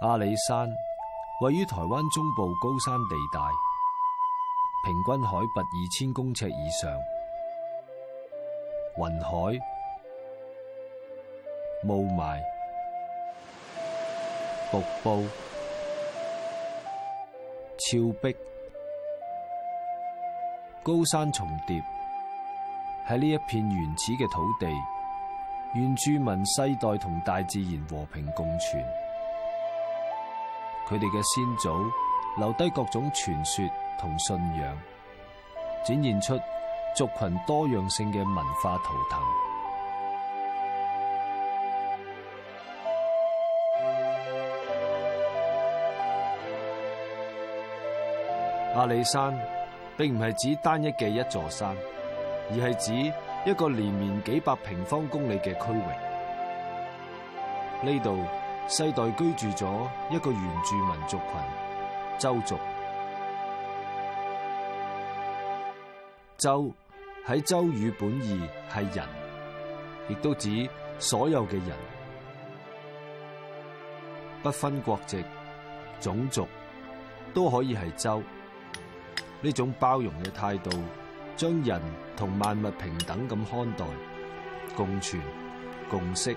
阿里山位於台灣中部高山地帶，平均海拔二千公尺以上，雲海、霧霾、瀑布、峭壁、高山重疊，喺呢一片原始嘅土地，原住民世代同大自然和平共存。佢哋嘅先祖留低各種傳說同信仰，展現出族群多樣性嘅文化圖騰。阿里山並唔係指單一嘅一座山，而係指一個連綿幾百平方公里嘅區域。呢度，世代居住咗一個原住民族群——鄒族。鄒喺鄒語本義係人，亦都指所有嘅人，不分國籍、種族，都可以係鄒。呢種包容嘅態度，將人同萬物平等咁看待，共存共識。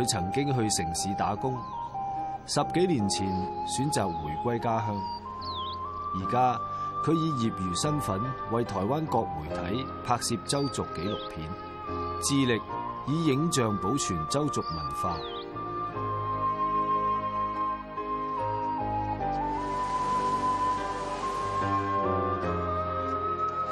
佢曾經去城市打工，十幾年前選擇回歸家鄉。而家佢以業餘身份為台灣各媒體拍攝鄒族紀錄片，致力以影像保存鄒族文化。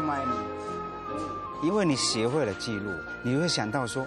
因為你，因為你學會了記錄，你會想到說。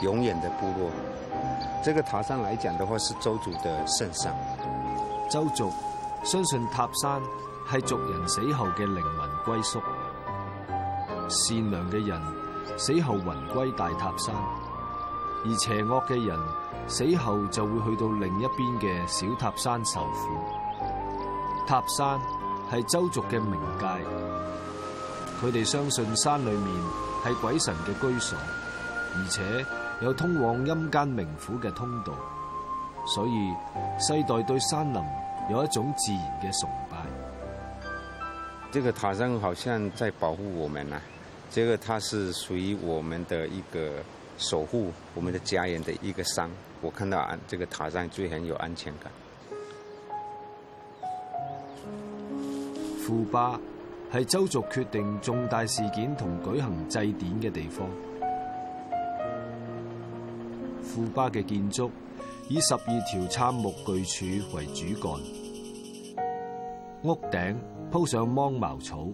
永遠的部落，這個塔山來講的話，是鄒族的聖山。鄒族相信塔山係族人死後嘅靈魂歸宿，善良嘅人死後魂歸大塔山，而邪惡嘅人死後就會去到另一邊嘅小塔山受苦。塔山係鄒族嘅冥界，佢哋相信山裏面係鬼神嘅居所，而且，.有通往陰間冥府嘅通道，所以世代對山林有一種自然嘅崇拜。這個塔山好像在保護我們呢、啊，這個它是屬於我們的一個守護我們的家園的一個山。我看到啊這個塔山最很有安全感。庫巴係鄒族決定重大事件同舉行祭典嘅地方。庫巴嘅建築以十二條杉木巨柱為主幹，屋頂鋪上芒茅草，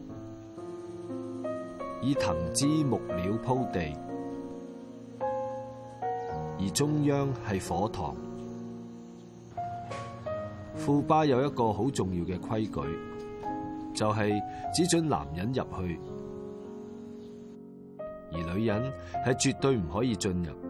以藤枝木料鋪地，而中央係火堂。庫巴有一個好重要嘅規矩，就係只准男人入去，而女人係絕對唔可以進入。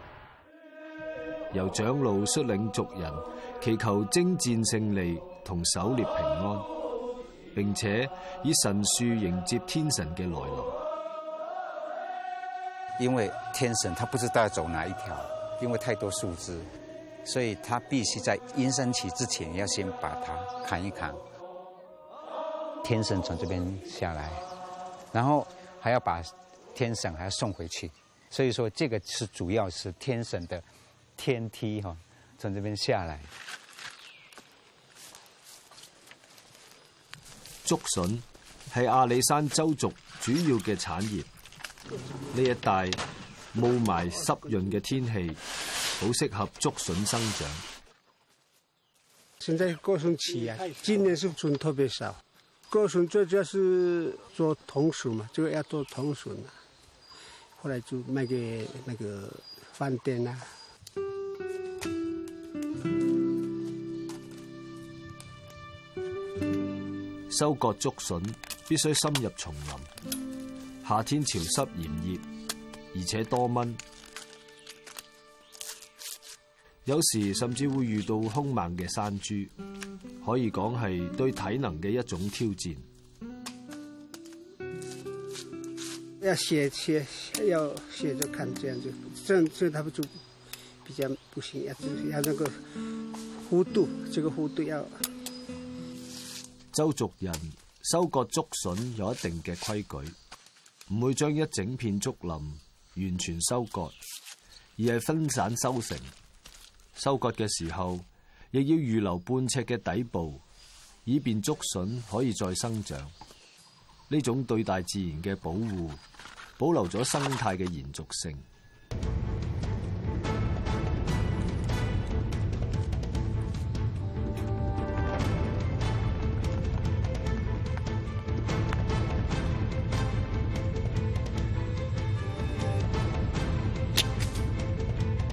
由長老率領族人，祈求征戰勝利同狩獵平安，並且以神樹迎接天神嘅來臨。因為天神他不知道要走哪一條，因為太多樹枝，所以他必須在陰生起之前要先把它砍一砍。天神從這邊下來，然後還要把天神還要送回去。所以說這個是主要是天神的。天梯哈，從這邊下來。竹筍係阿里山鄒族主要嘅產業。呢一帶霧霾濕潤嘅天氣，好適合竹筍生長。現在過筍期啊，今年是筍特別少。過筍最主要是做桶筍嘛，就要做桶筍啦。後來就賣給那個飯店啦，啊。收割竹筍必須深入叢林，夏天潮濕炎熱，而且多蚊，有時甚至會遇到凶猛嘅山豬，可以講係對體能嘅一種挑戰。要斜斜，要斜着看，這樣就，這樣就他們就比較不行，要要那個弧度，這個弧度要。鄒族人收割竹筍有一定嘅規矩，唔會將一整片竹林完全收割，而係分散收成。收割嘅時候，亦要預留半尺嘅底部，以便竹筍可以再生長。呢種對大自然嘅保護，保留咗生態嘅延續性。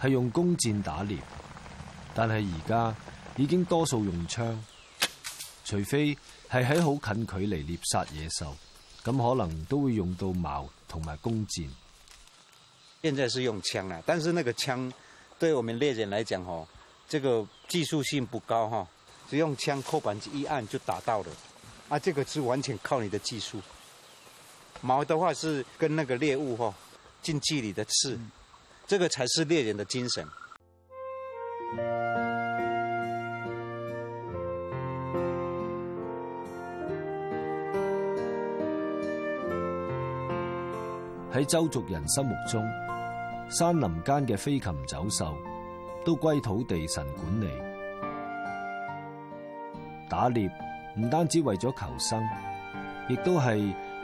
係用弓箭打獵，但係而家已經多數用槍，除非係喺好近距離獵殺野獸，咁可能都會用到矛同埋弓箭。現在是用槍啦，但是那個槍，對我們獵人來講，嗬，這個技術性不高，哈，只用槍扣板子一按就打到了，啊，這個是完全靠你的技術。矛的話是跟那個獵物，嗬，近距離的刺。這個才是獵人的精神。喺鄒族人心目中，山林間嘅飛禽走獸都歸土地神管理。打獵唔單止為咗求生，亦都係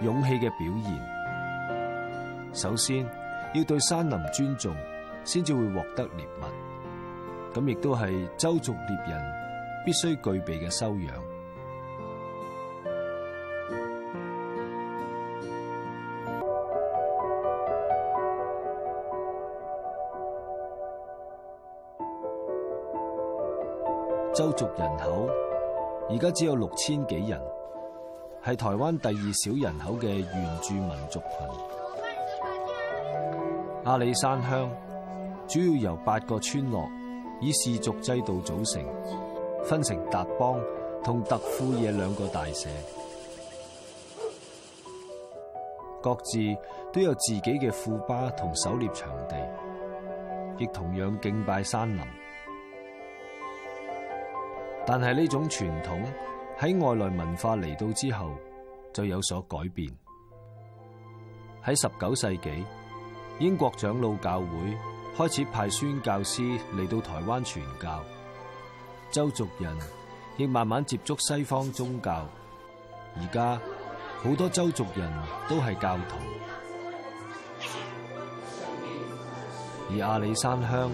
勇氣嘅表現。首先，要對山林尊重，先至會獲得獵物。咁亦都係鄒族獵人必須具備嘅修養。鄒族人口而家只有六千幾人，係台灣第二小人口嘅原住民族群。阿里山鄉主要由八個村落以氏族制度組成，分成達邦同特富野兩個大社，各自都有自己嘅庫巴同狩獵場地，亦同樣敬拜山林。但係呢種傳統喺外來文化嚟到之後就有所改變。喺十九世紀，英國長老教會開始派宣教師嚟到台灣傳教，鄒族人亦慢慢接觸西方宗教。而家好多鄒族人都係教徒，而阿里山鄉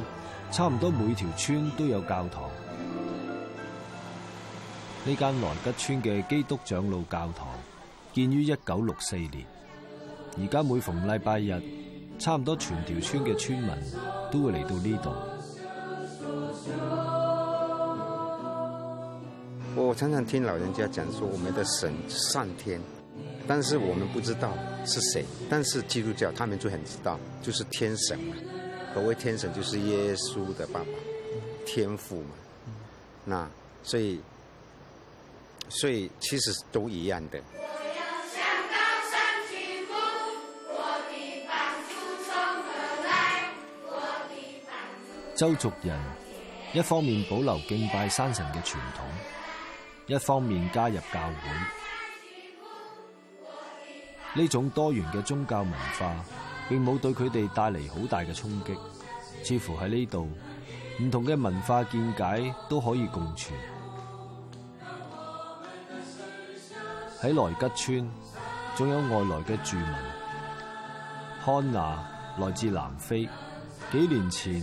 差唔多每條村都有教堂。呢間來吉村嘅基督長老教堂建於一九六四年，而家每逢禮拜日。差不多全條村嘅村民都會嚟到呢度。我常常聽老人家講說，我們的神上天，但是我們不知道是誰。但是基督教，他們就很知道，就是天神。所謂天神就是耶穌的爸爸，天父嘛。那所以所以其實都一樣的。鄒族人一方面保留敬拜山神嘅傳統，一方面加入教會。呢種多元嘅宗教文化，並冇對佢哋帶嚟好大嘅衝擊。似乎喺呢度，唔同嘅文化見解都可以共存。喺來吉村，仲有外來嘅住民，漢娜來自南非，幾年前，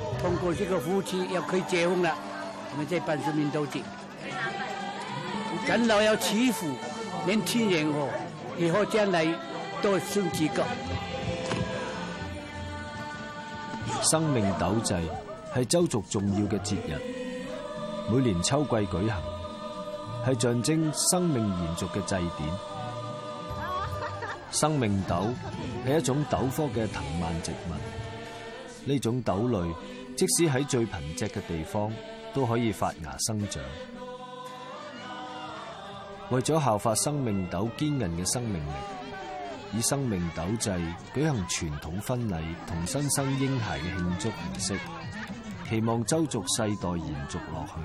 通過呢個夫妻又可以結婚啦，咁啊，即係辦事面都正。長老要祈福，年輕人哦，以後將來多生幾個。生命豆祭係鄒族重要嘅節日，每年秋季舉行，係象徵生命延續嘅祭典。生命豆係一種豆科嘅藤蔓植物，呢種豆類，即使喺最貧瘠嘅地方都可以發芽生長。為咗效法生命豆堅韌嘅生命力，以生命豆祭舉行傳統婚禮同新生嬰孩嘅慶祝儀式，期望鄒族世代延續落去。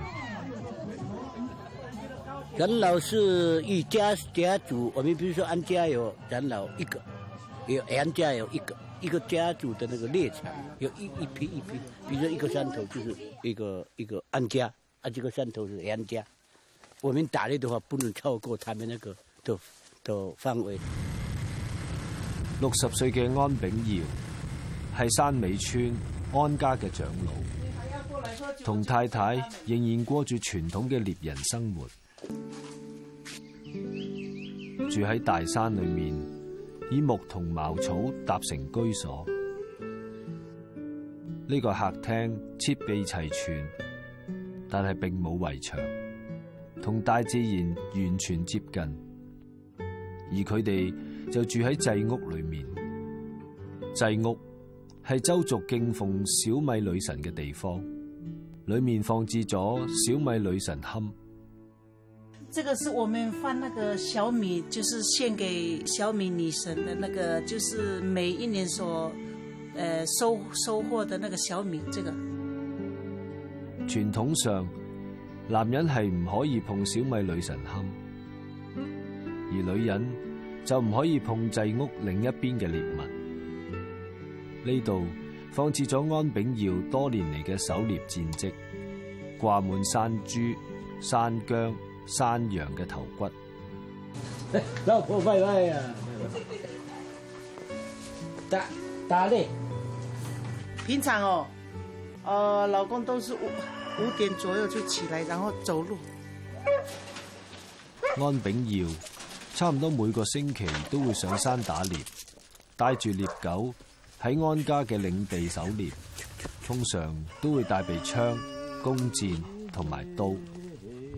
grandparents，一家家族，我哋譬如說，俺家有，咱老一個，有俺家有一個。一個家族的那個獵場，有一一批一批，比如一個山頭就是一個一個安家，啊，這個山頭是安家，我們打獵的話不能超過他們那個的的範圍。六十歲嘅安炳耀係山美村安家嘅長老，同太太仍然過住傳統嘅獵人生活，住喺大山裏面。以木同茅草搭成居所，呢個客廳設備齊全，但係並冇圍牆，同大自然完全接近。而佢哋就住喺祭屋裏面。祭屋係鄒族敬奉小米女神嘅地方，裏面放置咗小米女神龕。這個是我們放那個小米，就是獻給小米女神的那個，就是每一年所，呃收收穫的那個小米。這個傳統上，男人係唔可以碰小米女神龕，而女人就唔可以碰祭屋另一邊嘅獵物。嗯、呢度放置咗安炳耀多年嚟嘅狩獵戰績，掛滿山豬、山羌山羊嘅頭骨。老婆喂喂啊！打打獵。平常哦，呃，老公都是五五點左右就起來，然後走路。安炳耀差唔多每個星期都會上山打獵，帶住獵狗喺安家嘅領地狩獵，通常都會帶備槍、弓箭同埋刀。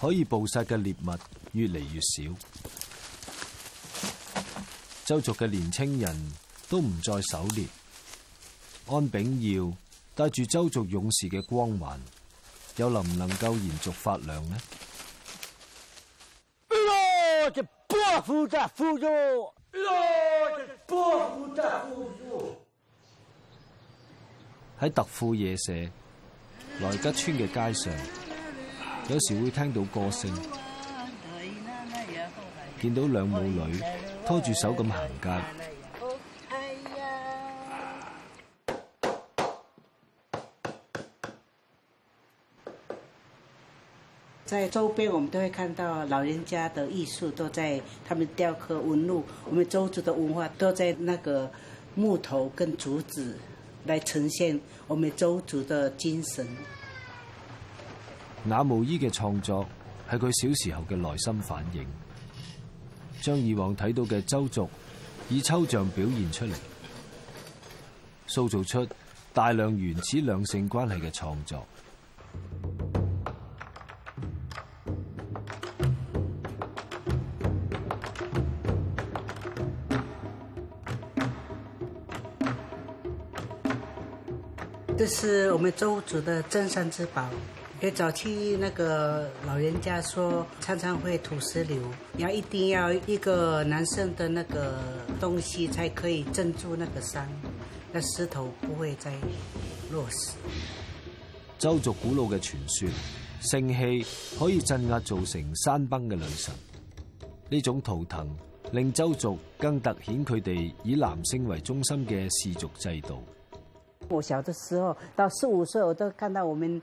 可以捕殺嘅獵物越嚟越少，鄒族嘅年輕人都唔再狩獵。安炳耀帶住鄒族勇士嘅光環，又能唔能夠延續發亮呢在？喺特富野社來吉村嘅街上。有時會聽到歌聲，見到兩母女拖住手咁行街。在周邊，我們都會看到老人家的藝術，都在他們雕刻紋路。我們鄒族的文化都在那個木頭跟竹子來呈現我們鄒族的精神。那無依嘅創作係佢小時候嘅內心反應，將以往睇到嘅鄒族以抽象表現出嚟，塑造出大量原始兩性關係嘅創作。這是我們鄒族的鎮山之寶。誒，早期那個老人家說，常常會土石流。要一定要一個男生的那個東西，才可以鎮住那個山，那石頭不會再落石。鄒族古老嘅傳說，性器可以鎮壓造成山崩嘅女神。呢種圖騰令鄒族更凸顯佢哋以男性為中心嘅氏族制度。我小的時候，到四五歲，我都看到我們。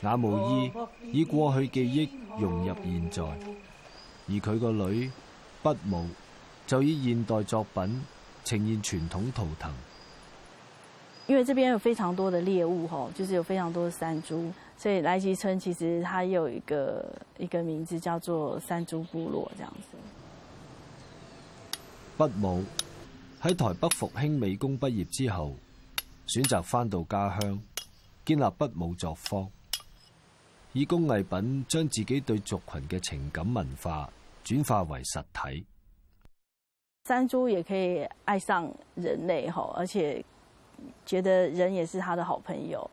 那無意以過去的記憶融入現在，而佢個女不武就以現代作品呈現傳統圖騰。因為這邊有非常多的獵物，嗬，就是有非常多的山豬，所以來吉村其實它有一個一個名字叫做山豬部落，這樣子。不武喺台北復興美工畢業之後，選擇翻到家鄉，建立不武作坊。以工藝品將自己對族群嘅情感文化轉化為實體。山豬也可以愛上人類，吼，而且覺得人也是他的好朋友。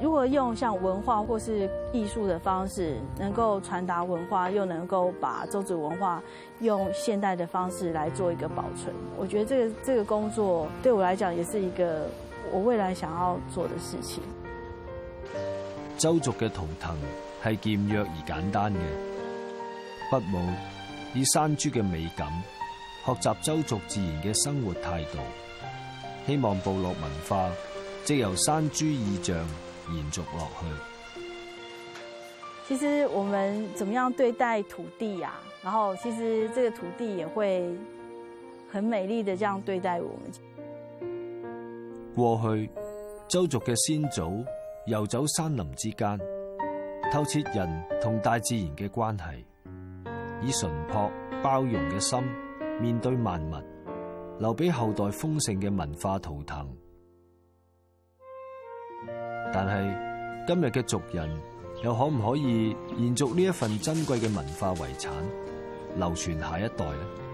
如果用像文化或是藝術的方式，能夠傳達文化，又能夠把鄒族文化用現代的方式來做一個保存，我覺得這個這個工作對我來講也是一個我未來想要做的事情。鄒族嘅圖騰係簡約而簡單嘅，不武以山豬嘅美感，學習鄒族自然嘅生活態度，希望部落文化即由山豬意象延續落去。其實我們怎麼樣對待土地呀、啊？然後其實這個土地也會很美麗的這樣對待我們。過去鄒族嘅先祖。遊走山林之間，透徹人同大自然嘅關係，以純樸包容嘅心面對萬物，留俾後代豐盛嘅文化圖騰。但係今日嘅族人，又可唔可以延續呢一份珍貴嘅文化遺產，流傳下一代呢？